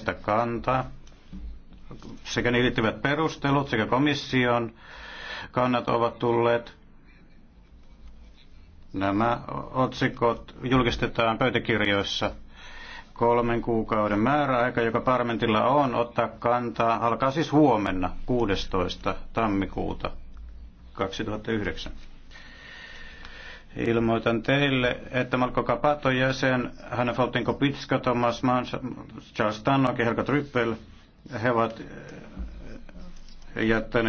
yhteistä kantaa sekä niihin liittyvät perustelut sekä komission kannat ovat tulleet. Nämä otsikot julkistetaan pöytäkirjoissa. Kolmen kuukauden määräaika, joka parlamentilla on ottaa kantaa, alkaa siis huomenna 16. tammikuuta 2009. Ilmoitan teille, että Marko Kapato jäsen, hänen Faltinko Pitska, Thomas Mann, Charles Tannock ja Helga Tryppel, he ovat eh, jättäneet